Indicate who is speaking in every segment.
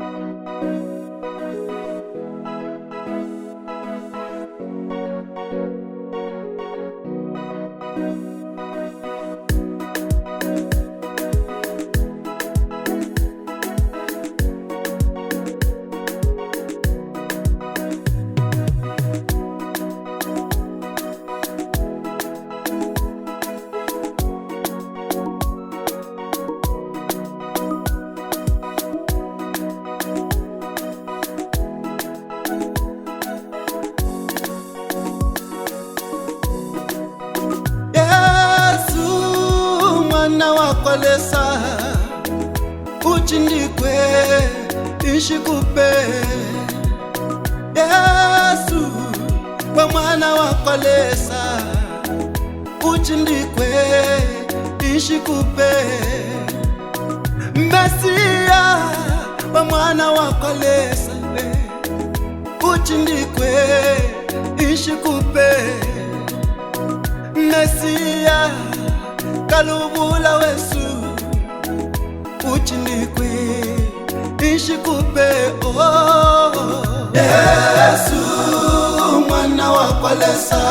Speaker 1: Música mwana wakolesa uchindikwe ishikupe Yesu kwa mwana wakolesa uchindikwe ishikupe Mesia kwa mwana wakolesa uchindikwe ishikupe Mesia kalubula wesu uchindikwe ishikupe oh.
Speaker 2: Yesu mwana wakwalesa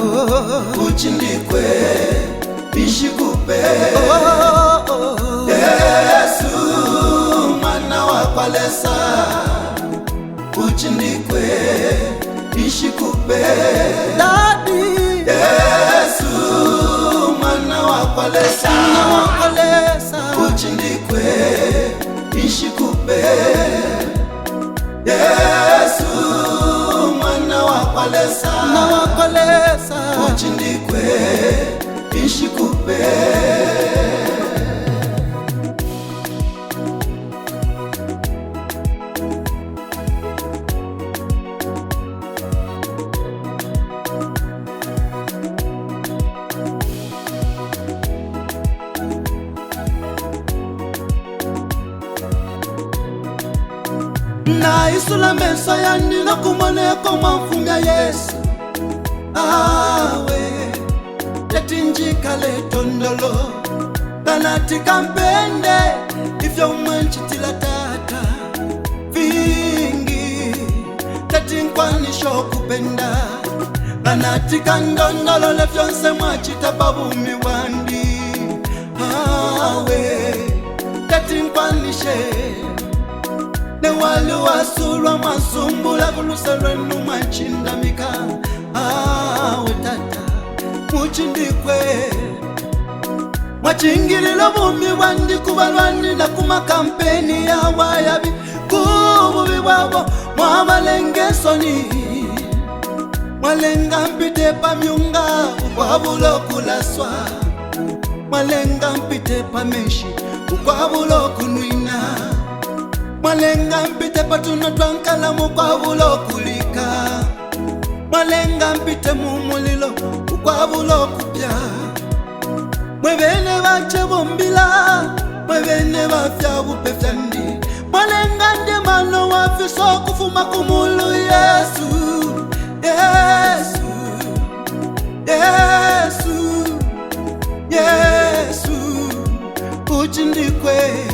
Speaker 2: oh. uchindikwe ishikupe oh, Yesu mwana
Speaker 1: dadi
Speaker 2: Naomboleza, naomboleza, uchindikwe nishikupe Yesu mwana wakolesa, naomboleza, uchindikwe nishikupe
Speaker 1: na isula yandi ya kumone kumoneka mwamfunga yesu awe tetinjika letondolo tanatika mpende ifya umwenchitila tata vingi tetinkwanisho kupenda tanatika ndondolo lefyonse mwachita pavumi bwandi awe tetinkwanishe ne wali wasulwa mwasumbula kulusa lwenu mwachindamika awe ah, tata muchindikwe mwachingilila bumi bwandi kubalwanila kumakampeni yawayabi kububi bwabo mwabalenge esoni mwalenga mpite pamyunga bwabula okulaswa mwalenga mpite pameshi ukwabula okunwina mwalenga mpite patunotwa nkalamu ukwavula okulika mwalenga mpite mumulilo ukwavula okupya mwevene vace vombila mwevene vafya vupefya ndi mwalenga ndi mano wafisa okufuma kumulu yesu yesu yesu yesu uci yesu.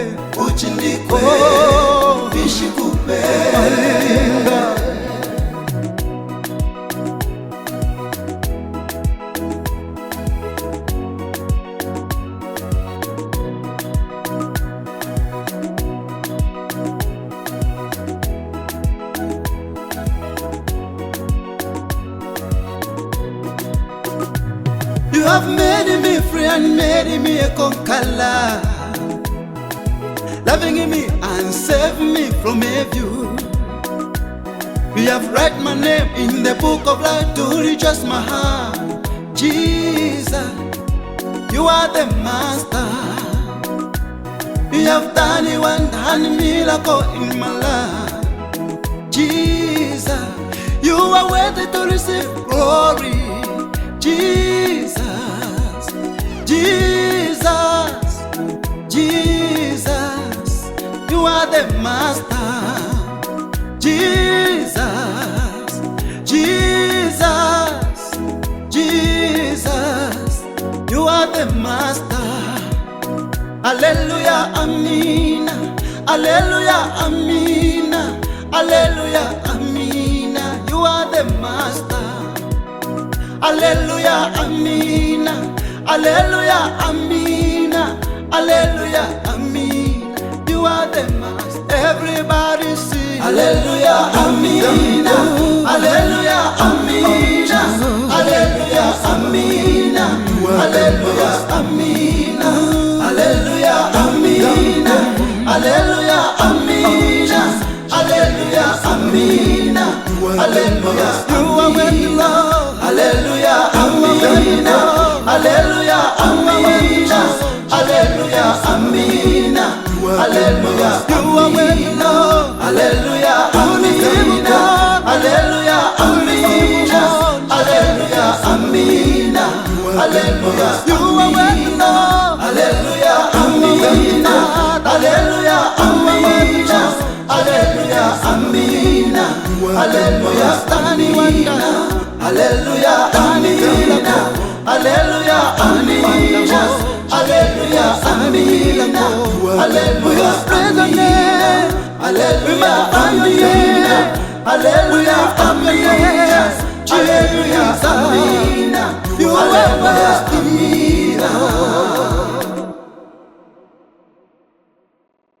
Speaker 1: made me free and made me a conqueror. Loving me and save me from evil. You have read my name in the book of life to rejoice my heart. Jesus, you are the master. You have done one and miracle in my life. Jesus, you are worthy to receive glory. Jesus. Jesus, Jesus, you are the master. Jesus, Jesus, Jesus, you are the master. Hallelujah, amina. Hallelujah, amina. Hallelujah, amina. You are the master. Hallelujah, amina aleluya Amina. aleluya Amina. You are the master. Everybody sing. Hallelujah, Amina.
Speaker 2: Hallelujah, Amina. Haleluya, amina. Hallelujah, amen. Hallelujah,
Speaker 1: i
Speaker 2: Hallelujah, Hallelujah, Hallelujah, You are my healer.